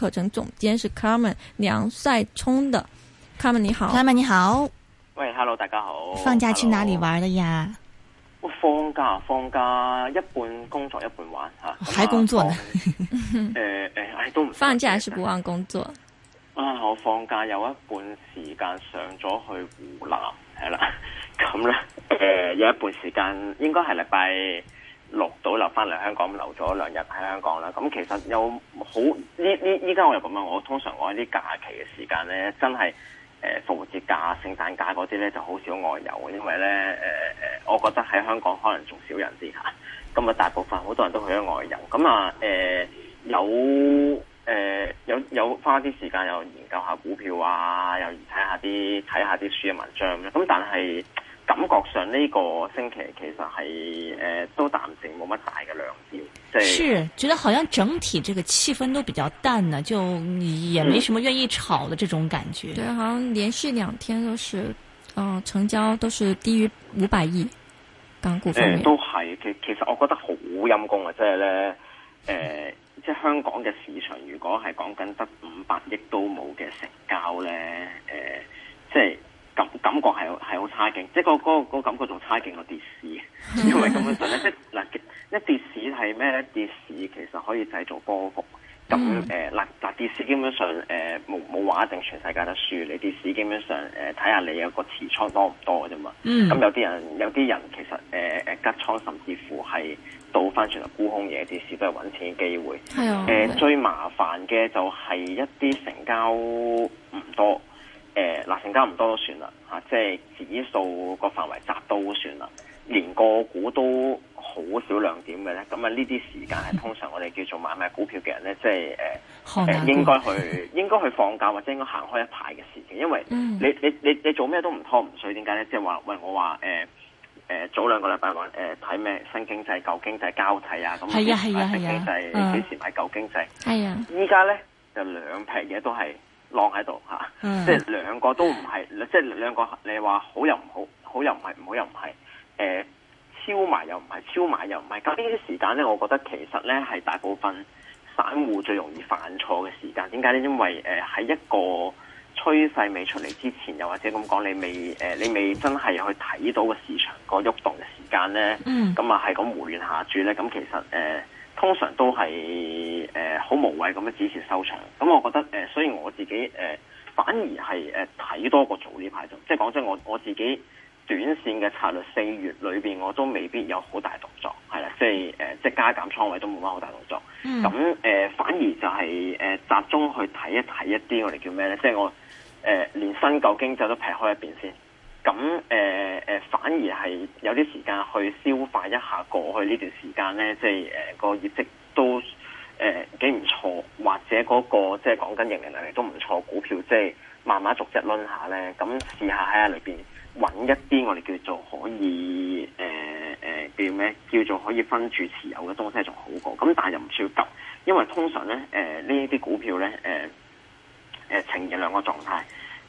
課程總監是 Carmen 梁帥聰的 Carmen 你好 Carmen 你好，喂，Hello，大家好。放假去哪裏玩了呀？我、哦、放假放假一半工作一半玩吓，啊哦啊、還工作呢？誒誒，唉都唔放假還 是不忘工作。啊，我放假有一半時間上咗去湖南，係啦、 嗯，咁咧誒有一半時間應該係禮拜。錄到留翻嚟香港，留咗兩日喺香港啦。咁其實有好呢呢依家我又講啊，我通常我喺啲假期嘅時間呢，真係誒復活節假、聖誕假嗰啲呢，就好少外遊，因為呢，誒、呃、我覺得喺香港可能仲少人啲嚇。咁啊，大部分好多人都去咗外遊。咁啊誒有誒、呃、有有花啲時間又研究下股票啊，又睇下啲睇下啲書嘅文章咁。咁但係。感覺上呢個星期其實係誒、呃、都淡靜，冇乜大嘅亮點。即係覺得好像整體這個氣氛都比較淡啊，就也沒什麼願意炒的這種感覺。嗯、對，好像連續兩天都是，嗯、呃，成交都是低於五百億港股。誒、呃，都係其其實我覺得好陰功啊，即係咧，誒、呃，即係香港嘅市場，如果係講緊得五百億都冇嘅成交咧，誒、呃，即係。感感覺係係好差勁，即係嗰嗰感覺仲差勁過跌市，因為咁本上基咧， 即嗱，一跌市係咩咧？跌市其實可以製造波幅，咁誒嗱嗱跌市基本上誒冇冇話一定全世界都輸，你跌市基本上誒睇下你有個持倉多唔多啫嘛。咁 有啲人有啲人其實誒誒吉倉，呃、甚至乎係倒翻轉嚟沽空嘢，跌市都係揾錢嘅機會。係啊，最麻煩嘅就係一啲成交唔多。誒，嗱、呃，成交唔多都算啦，吓、啊，即係指數個範圍窄都，都算啦，連個股都好少亮點嘅咧。咁啊，呢啲時間係通常我哋叫做買賣股票嘅人咧，即係誒誒，呃、應該去應該去放假或者應該行開一排嘅時間，因為你、嗯、你你你，你做咩都唔湯唔水，點解咧？即係話喂，我話誒誒，早兩個禮拜話誒睇咩新經濟舊經濟交替啊，咁係啊係啊係啊，就係幾時買舊經濟？係啊疼，依家咧就兩撇嘢都係浪喺度嚇，即係兩個都唔係，即係 兩個你話好又唔好，好又唔係，唔好又唔係，誒超賣又唔係，超賣又唔係。咁呢啲時間呢，我覺得其實呢係大部分散戶最容易犯錯嘅時間。點解呢？因為誒喺、呃、一個趨勢未出嚟之前，又或者咁講，你未誒、呃、你未真係去睇到個市場個喐動嘅時間呢，咁啊係咁胡亂下注呢？咁其實誒。呃通常都係誒好無謂咁樣止蝕收場，咁、嗯、我覺得誒、呃，所以我自己誒、呃、反而係誒睇多過做呢排就，即係講真，我我自己短線嘅策略四月裏邊我都未必有好大動作，係啦、呃，即係誒即係加減倉位都冇乜好大動作。咁誒、mm. 嗯呃、反而就係、是、誒、呃、集中去睇一睇一啲我哋叫咩咧？即、就、係、是、我誒、呃、連新舊經濟都劈開一邊先。咁誒誒，反而係有啲時間去消化一下過去呢段時間咧，即係誒、啊那個業績都誒幾唔錯，或者嗰、那個即係講緊盈利能力都唔錯股票，即係慢慢逐日輪下咧，咁、嗯、試下喺裏邊揾一啲我哋叫做可以誒誒、呃呃、叫咩叫做可以分住持有嘅東西仲好過，咁但係又唔需要急，因為通常咧誒呢一啲股票咧誒誒呈現兩個狀態。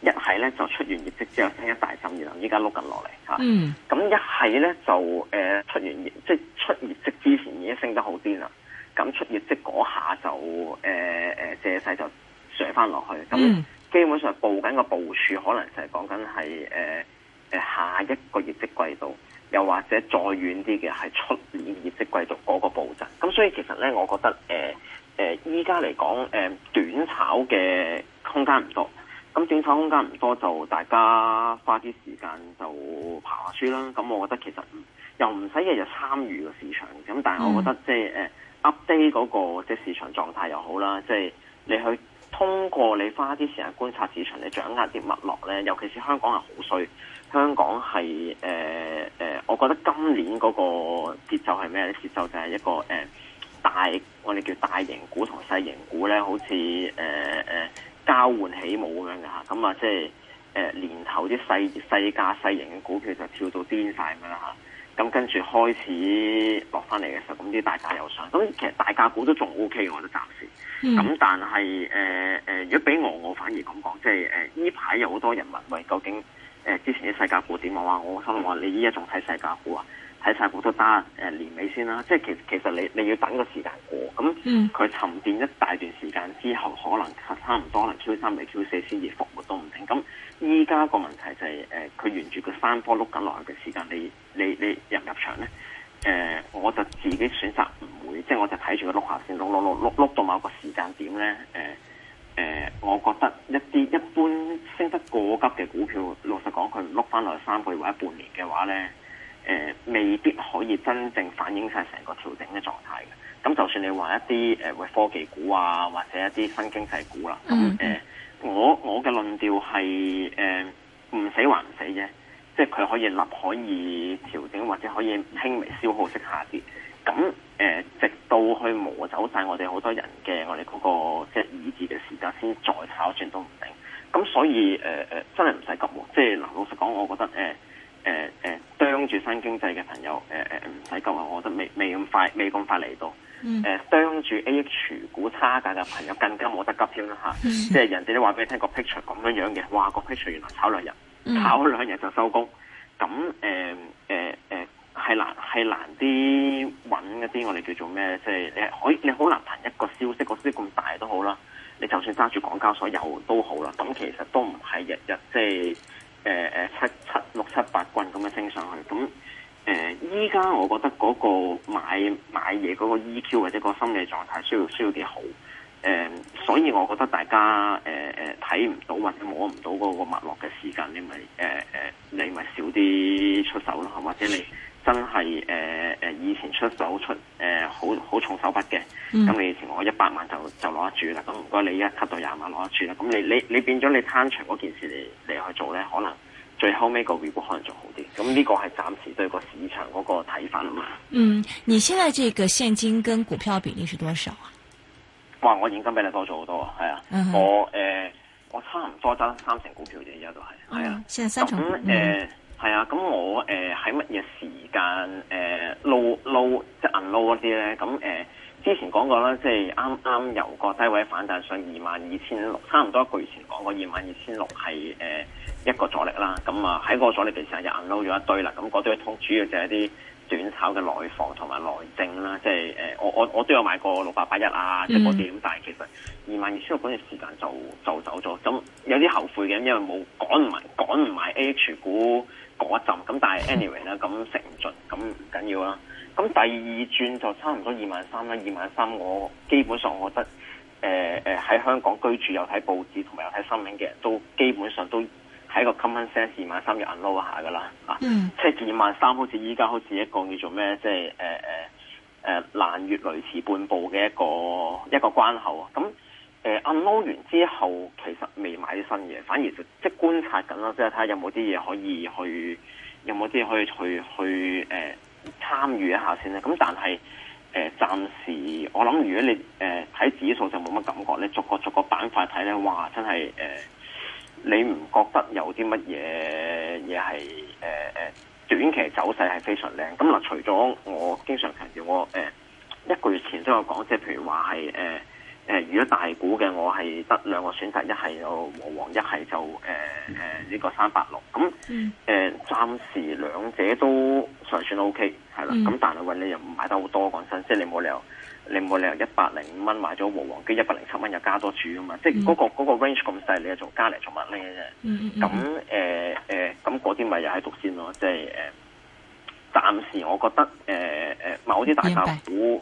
一係咧就出完業績之後升一大浸，然後依家碌緊落嚟吓。咁一係咧就誒出完業，即係出業績之前已經升得好癲啦。咁出業績嗰下就誒誒借勢就上翻落去。咁基本上佈緊個佈局，可能就係講緊係誒誒下一個業績季度，又或者再遠啲嘅係出年業績季度嗰個佈局。咁、嗯、所以其實咧，我覺得誒誒依家嚟講誒短炒嘅空間唔多。咁轉手空間唔多，就大家花啲時間就爬下書啦。咁我覺得其實又唔使日日參與個市場。咁但係我覺得即係、呃、update 嗰、那個即係市場狀態又好啦。即、就、係、是、你去通過你花啲時間觀察市場，你掌握啲脈絡呢，尤其是香港係好衰，香港係誒誒，我覺得今年嗰個節奏係咩？節奏就係一個誒、呃、大，我哋叫大型股同細型股呢，好似誒誒。呃呃交換起舞咁樣嘅嚇，咁啊即係誒年頭啲細細價細型嘅股票就跳到癲晒咁樣嚇，咁、啊、跟住開始落翻嚟嘅時候，咁啲大價又上，咁其實大價股都仲 OK，我都得暫時。咁但係誒誒，如果俾我，我反而咁講，即係誒呢排有好多人問喂，究竟誒、呃、之前啲細價股點？我話我心話你依家仲睇細價股啊？睇晒股都打誒、呃、年尾先啦，即係其實其實你你要等個時間過咁，佢沉澱一大段時間之後，可能差唔多，可能 Q 三或 Q 四先至復活都唔定。咁依家個問題就係、是、誒，佢、呃、沿住個山坡碌緊落去嘅時間，你你你入入場咧？誒、呃，我就自己選擇唔會，即係我就睇住佢碌下先，碌碌碌碌碌到某個時間點咧。誒、呃、誒、呃，我覺得一啲一般升得過急嘅股票，老實講，佢碌翻落去三個月或者半年嘅話咧。誒、呃，未必可以真正反映晒成個調整嘅狀態嘅。咁就算你話一啲誒，呃、科技股啊，或者一啲新經濟股啦、啊，咁誒、嗯呃，我我嘅論調係誒，唔、呃、死還唔死嘅，即係佢可以立，可以調整，或者可以輕微消耗式下跌。咁、嗯、誒、呃，直到去磨走晒我哋好多人嘅我哋嗰、那個即係意志嘅時間，先再炒轉都唔定。咁、嗯、所以誒誒、呃，真係唔使急。即係嗱，老實講，我覺得誒。呃誒誒，揸住、呃、新經濟嘅朋友，誒誒唔使急啊！我覺得未未咁快，未咁快嚟到。誒揸住 A H 除股，股差價嘅朋友更加冇得急添啦嚇，嗯、即係人哋都話俾你聽、個 picture 咁樣樣嘅，哇個 picture 原來炒兩日，炒兩日就收工。咁誒誒誒，係、呃呃呃、難係難啲揾一啲我哋叫做咩？即、就、係、是、你可你好難憑一個消息，個消息咁大都好啦，你就算揸住港交所有都好啦。咁其實都唔係日日即係。就是誒誒、呃、七七六七八棍咁樣升上去，咁誒依家我覺得嗰個買買嘢嗰個 EQ 或者個心理狀態需要需要幾好，誒、呃、所以我覺得大家誒誒睇唔到或者摸唔到嗰個脈絡嘅時間，你咪誒誒你咪少啲出手咯，或者你。真係誒誒，嗯嗯、以前出手出誒好好重手筆嘅，咁、嗯、你以前我一百萬就就攞得住啦，咁唔該你依家七到廿萬攞得住啦，咁你你你變咗你攤場嗰件事嚟嚟去做咧，可能最後尾個回報可能仲好啲，咁呢個係暫時對個市場嗰個睇法啊嘛。嗯，你現在這個現金跟股票比例是多少啊？哇，我現金比你多咗好多啊，係啊、嗯呃，我誒我差唔多得三成股票啫，而家都係，係、嗯、啊，現在三成誒。嗯嗯嗯係啊，咁我誒喺乜嘢時間誒 low low 即係 unload 嗰啲咧？咁誒、呃、之前講過啦，即係啱啱由個低位反彈上二萬二千六，差唔多一個月前講過二萬二千六係誒一個阻力啦。咁啊喺個阻力之下又 unload 咗一堆啦。咁嗰堆通主要就係啲。短炒嘅內房同埋內政啦，即係誒、呃，我我我都有買過六百八一啊，即係嗰啲咁，嗯、但係其實二萬二千六嗰段時間就就走咗，咁有啲後悔嘅，因為冇趕唔埋趕唔埋 A 股嗰陣，咁但係 anyway 啦，咁食唔盡咁唔緊要啦，咁第二轉就差唔多二萬三啦，二萬三我基本上我覺得誒誒喺香港居住有睇報紙同埋有睇新聞嘅人都基本上都。喺個 common sense 二萬三要 unload 下噶啦，啊，即係二萬三好似依家好似一個叫做咩，即係誒誒誒難越雷池半步嘅一個一個關口啊！咁誒 unload 完之後，其實未買啲新嘢，反而就即係、就是、觀察緊囉，即係睇下有冇啲嘢可以去，有冇啲可以去去誒、呃、參與一下先啦。咁但係誒、呃、暫時我諗，如果你誒睇、呃、指數就冇乜感覺咧，逐個逐個板塊睇咧，哇！真係誒～、呃你唔覺得有啲乜嘢嘢係誒誒短期走勢係非常靚？咁嗱，除咗我經常強調，我誒、呃、一個月前都有講，即係譬如話係誒誒，如果大股嘅，我係得兩個選擇，一係就和黃，一係就誒誒呢個三八六。咁誒、呃，暫時兩者都尚算 O K，係啦。咁、嗯、但係話你又唔買得好多講真，即係你冇理由。你冇理由一百零五蚊買咗和黃機，一百零七蚊又加多注啊嘛！即係、嗰、嗰、個嗯、個 range 咁細，你就做加嚟做乜咧啫？咁誒誒，咁嗰啲咪又係獨佔咯？即係誒、呃，暫時我覺得誒誒、呃呃，某啲大雜股、嗯。嗯嗯嗯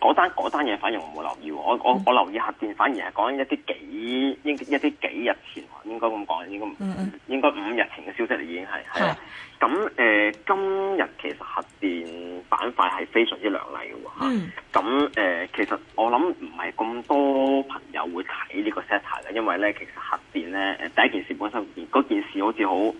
嗰單嘢反而我冇留意，我我我留意核電，反而係講一啲幾應一啲幾日前，應該咁講，應該、嗯、應該五日前嘅消息嚟，已經係係咁誒，今日其實核電板塊係非常之靚麗嘅喎。咁誒、嗯呃，其實我諗唔係咁多朋友會睇呢個 settle 嘅，因為咧其實核電咧誒第一件事本身嗰件事好似好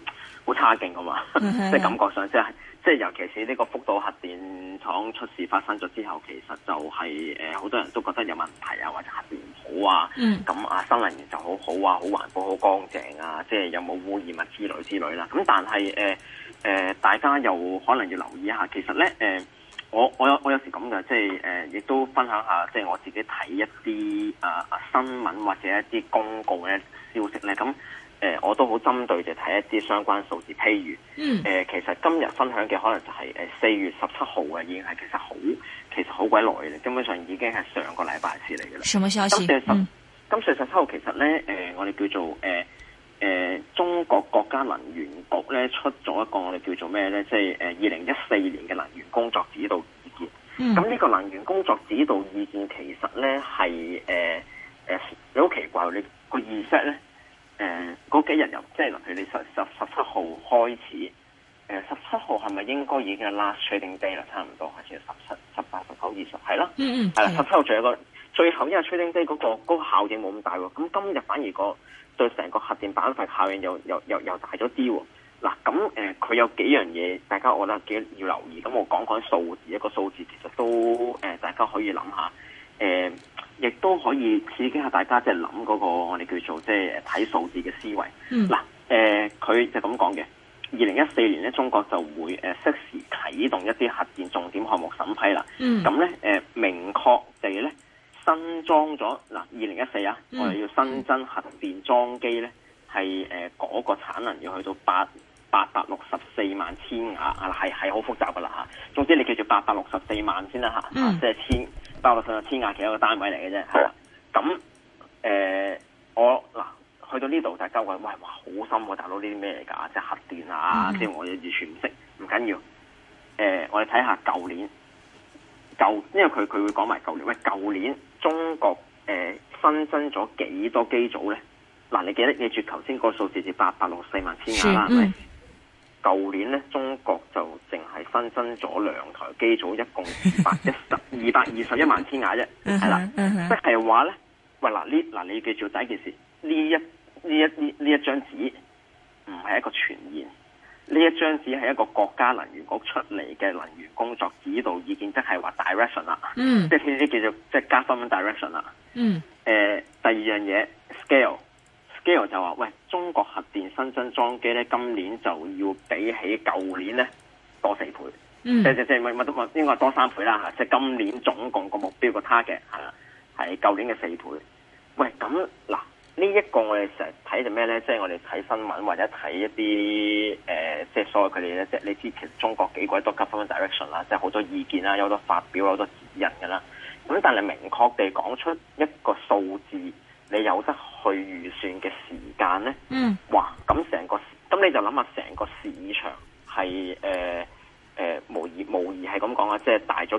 好差勁㗎嘛，即係、mm hmm. 感覺上即係，即係尤其是呢個福島核電廠出事發生咗之後，其實就係誒好多人都覺得有問題啊，或者核電唔好啊。咁、mm hmm. 啊，新能源就好好啊，好環保、好乾淨啊，即係有冇污染物、啊、之類之類啦。咁但係誒誒，大家又可能要留意一下，其實咧誒、呃，我我有我有時咁嘅，即係誒，亦、呃、都分享下，即係我自己睇一啲啊、呃、新聞或者一啲公告嘅消息咧，咁。誒、呃，我都好針對地睇一啲相關數字，譬如，誒、呃，其實今日分享嘅可能就係、是，誒、呃，四月十七號嘅、啊、已經係其實好，其實好鬼耐嘅，根本上已經係上個禮拜事嚟嘅啦。什麼消息？今次十,十七號其實咧，誒、呃，我哋叫做誒誒、呃呃、中國國家能源局咧出咗一個我哋叫做咩咧，即係誒二零一四年嘅能源工作指導意見。咁呢、嗯、個能源工作指導意見其實咧係誒誒你好奇怪，你、那個意識咧？誒，嗰、呃、幾日又即係，例如你十十十七號開始，誒、呃，十七號係咪應該已經係 last trading day 啦？差唔多，開始十七、十八、十九、二十，係啦。嗯嗯。係、嗯、啦，的十七號仲有一個最後一日 trading day 嗰、那個嗰、那個效應冇咁大喎、哦。咁今日反而、那個對成個核電板塊效應又又又又大咗啲喎。嗱，咁、呃、誒，佢有幾樣嘢，大家我覺得幾要留意。咁我講講數字，一、那個數字其實都誒、呃，大家可以諗下誒。呃呃亦都可以刺激下大家即係諗嗰個我哋叫做即係睇數字嘅思維。嗱、嗯，誒佢、呃、就咁講嘅，二零一四年咧，中國就會誒適、呃、時啟動一啲核電重點項目審批啦。咁咧誒，明確地咧，新裝咗嗱，二零一四啊，嗯、我哋要新增核電裝機咧，係誒嗰個產能要去到八八百六十四萬千瓦啊，係係好複雜噶啦嚇。總之你記住八百六十四萬先啦嚇，即係千、嗯。包括上有千瓦，其中一個單位嚟嘅啫。係啦好，咁誒、啊呃，我嗱去到呢度大家話喂，哇，好深喎、啊！大佬呢啲咩嚟噶？即係核電啊，即係、mm hmm. 我完全唔識，唔緊要。誒、呃，我哋睇下舊年，舊，因為佢佢會講埋舊年喂，舊年中國誒、呃、新增咗幾多機組咧？嗱，你記得記住頭先個數字是八百六四萬千瓦啦，係咪？嗯.舊年咧，中國就淨係新增咗兩台機組，一共 21, 二百一十二百二十一萬千瓦啫，係啦，即係話咧，喂嗱呢嗱你要記住第一件事，呢一呢一呢呢一張紙唔係一個傳言，呢一張紙係一個國家能源局出嚟嘅能源工作指導意見，即係話 direction 啦，嗯，即係呢啲叫做即係加分嘅 direction 啦，嗯，誒，第二樣嘢 scale，scale 就話喂。裝機咧，今年就要比起舊年咧多四倍，即即即咪咪都咪應該係多三倍啦嚇。即今年總共個目標個 target 係舊年嘅四倍。喂，咁嗱呢一個我哋成日睇嘅咩咧，即我哋睇新聞或者睇一啲誒，即所謂佢哋咧，即你知其實中國幾鬼多急 direction 啦，即好多意見啦，有得發表，有得指人指引噶啦。咁但係明確地講出一個數字，你有得去預算嘅時間咧？嗯。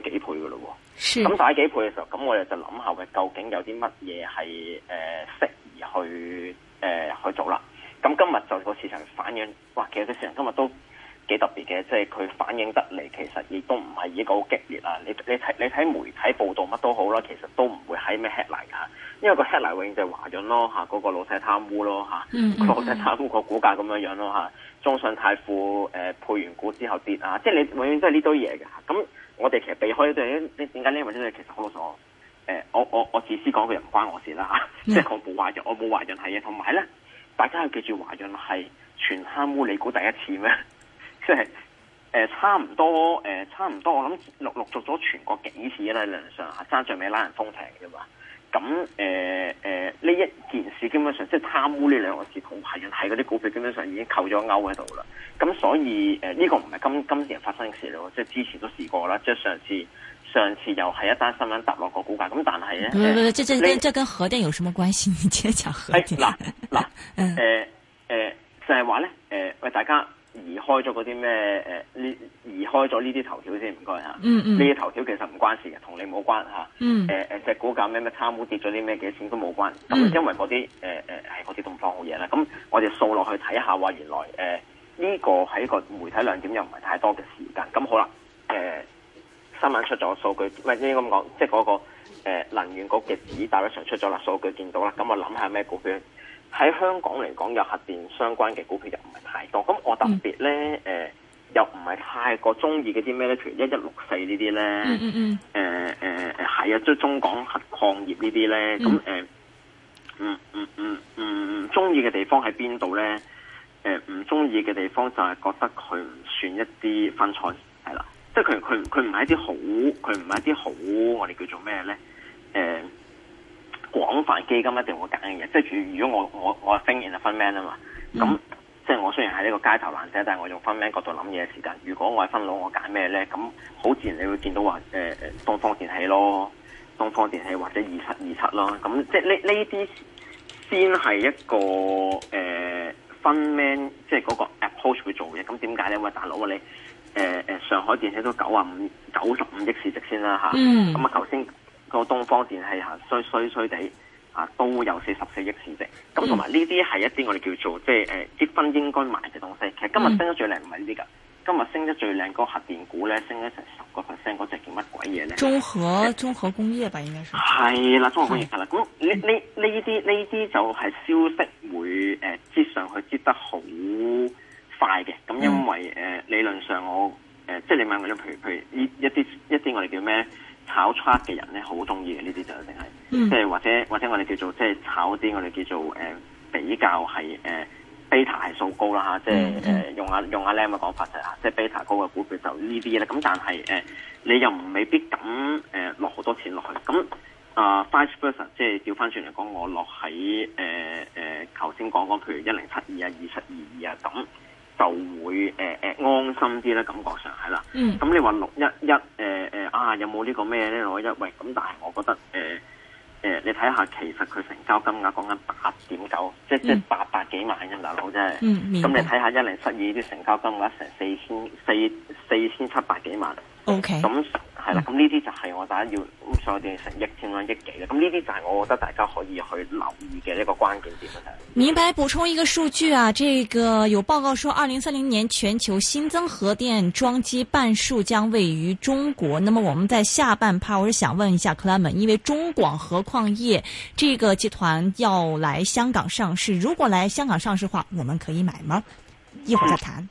幾倍噶咯咁打幾倍嘅時候，咁我哋就諗下嘅，究竟有啲乜嘢係誒適宜去，誒、呃、去做啦。咁今日就個市場反應，哇，其實個市場今日都幾特別嘅，即係佢反應得嚟，其實亦都唔係呢個好激烈啊。你你睇你睇媒體報道乜都好啦，其實都唔會喺咩 headline 噶，因為個 headline 永遠就係華潤咯吓，嗰，啊那個老細貪污咯吓，嗯、啊，mm hmm. 老細貪污個股價咁樣樣咯吓，啊，中信泰富誒，呃、配完股之後跌啊，即係你永遠都係呢堆嘢噶咁。啊我哋其實避開啲嘢，你點解呢樣嘢其實好囉嗦？誒、呃，我我我自私講句又唔關我事啦，即、就、係、是、我冇懷孕，我冇懷孕係嘅。同埋咧，大家要記住，懷孕係全貪污你估第一次咩？即係誒差唔多誒差唔多，呃、多我諗錄錄續咗全國幾次啦，量上啊爭著尾拉人封停嘅嘛。咁誒誒呢一件事，基本上即係貪污呢兩個字，同懷孕係嗰啲股票，基本上已經扣咗勾喺度啦。咁所以，誒、呃、呢、這個唔係今今時發生嘅事咯，即係之前都試過啦，即係上次上次又係一單新聞砸落個股價，咁但係咧，即唔，這跟這跟核電有什麼關係？你竟然講核電？係嗱嗱，誒誒、哎，就係話咧，誒喂、 呃呃呃呃，大家移開咗嗰啲咩誒呢？移開咗呢啲頭條先，唔該嚇。呢啲頭條其實唔關事嘅，同你冇關嚇。嗯，誒只、呃嗯呃、股價咩咩差股跌咗啲咩幾錢都冇關。咁因為嗰啲誒誒係嗰啲東方好嘢啦。咁我哋掃落去睇下，哇！原來誒。呃呢個喺個媒體亮點又唔係太多嘅時間，咁好啦。誒、呃，新聞出咗數據，唔係應該咁講，即係嗰、那個、呃、能源局嘅指大咧，上出咗啦，數據見到啦。咁、嗯、我諗下咩股票喺香港嚟講有核電相關嘅股票又唔係太多。咁我特別咧誒，又唔係太過中意嗰啲咩咧，譬如一一六四呢啲咧，誒誒誒，係、呃、啊，即係中港核礦業呢啲咧。咁誒、呃，嗯嗯嗯嗯嗯，中意嘅地方喺邊度咧？誒，唔中意嘅地方就係、是、覺得佢唔算一啲分菜系啦，即係佢佢佢唔係一啲好，佢唔係一啲好，我哋叫做咩咧？誒、呃，廣泛基金一定會揀嘅嘢，即係如如果我我我係 think in 分 man 啊嘛，咁、嗯、即係我雖然喺呢個街頭爛仔，但係我用分 man 角度諗嘢嘅時間，如果我係分佬，我揀咩咧？咁好自然你會見到話，誒、呃、誒，東方電器咯，東方電器或者二七二七咯，咁即係呢呢啲先係一個誒。呃分咩？Man, 即係嗰個 approach 去做嘅，咁點解咧？喂，大佬啊，你誒誒、呃，上海電器都九啊五九十五億市值先啦吓，咁啊，頭先個東方電器吓衰衰衰地啊，都有四十四億市值，咁同埋呢啲係一啲我哋叫做即係誒，積分應該買嘅東西。其實今日升得最靚唔係呢啲噶，今日升得最靚嗰核電股咧，升咗成十個 percent，嗰隻叫乜鬼嘢咧？中核中核工業吧應，應該是係啦，中核工業啦。咁呢呢呢啲呢啲就係消息。會誒、呃、接上去接得好快嘅，咁因為誒、呃、理論上我誒、呃，即係你問我，譬如譬如，譬如一一呢一啲一啲我哋叫咩炒 trader 嘅人咧，好中意嘅呢啲就一定係，即係或者或者我哋叫做即係炒啲我哋叫做誒、呃、比較係誒 beta 係數高啦嚇，即係誒、呃、用阿、啊、用阿 Lam 嘅講法就係、是、嚇，即係 beta 高嘅股票就呢啲啦。咁但係誒、呃，你又唔未必敢誒落好多錢落去咁。啊，five percent，即係調翻轉嚟講，我落喺誒誒，頭先講講譬如一零七二啊、二七二二啊，咁就會誒誒、呃、安心啲咧，感覺上係啦。嗯。咁、嗯、你話六一一誒誒啊，有冇呢個咩咧？六一一，喂，咁但係我覺得誒誒、呃呃，你睇下其實佢成交金額講緊八點九，即即八百幾萬大佬。啫。嗯。咁、嗯嗯、你睇下一零七二啲成交金額成四千四四千七百幾萬。OK、嗯。咁、嗯。係啦，咁呢啲就係我大家要，鎖定成一千蚊億幾啦。咁呢啲就係我覺得大家可以去留意嘅一個關鍵點啦。明白，補充一個數據啊，這個有報告說，二零三零年全球新增核電裝機半數將位於中國。那麼我們在下半 part，我是想問一下克萊門，因為中廣核礦業這個集團要來香港上市，如果來香港上市話，我們可以買嗎？一會再談。嗯